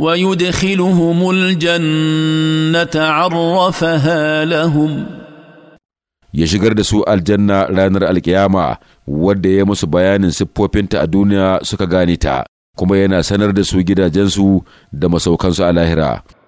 ويدخلهم الجنة عرفها لهم ya shigar da su aljanna ranar alkiyama wadda ya musu bayanin siffofinta a duniya suka gane ta kuma yana sanar da su gidajensu da masaukansu a lahira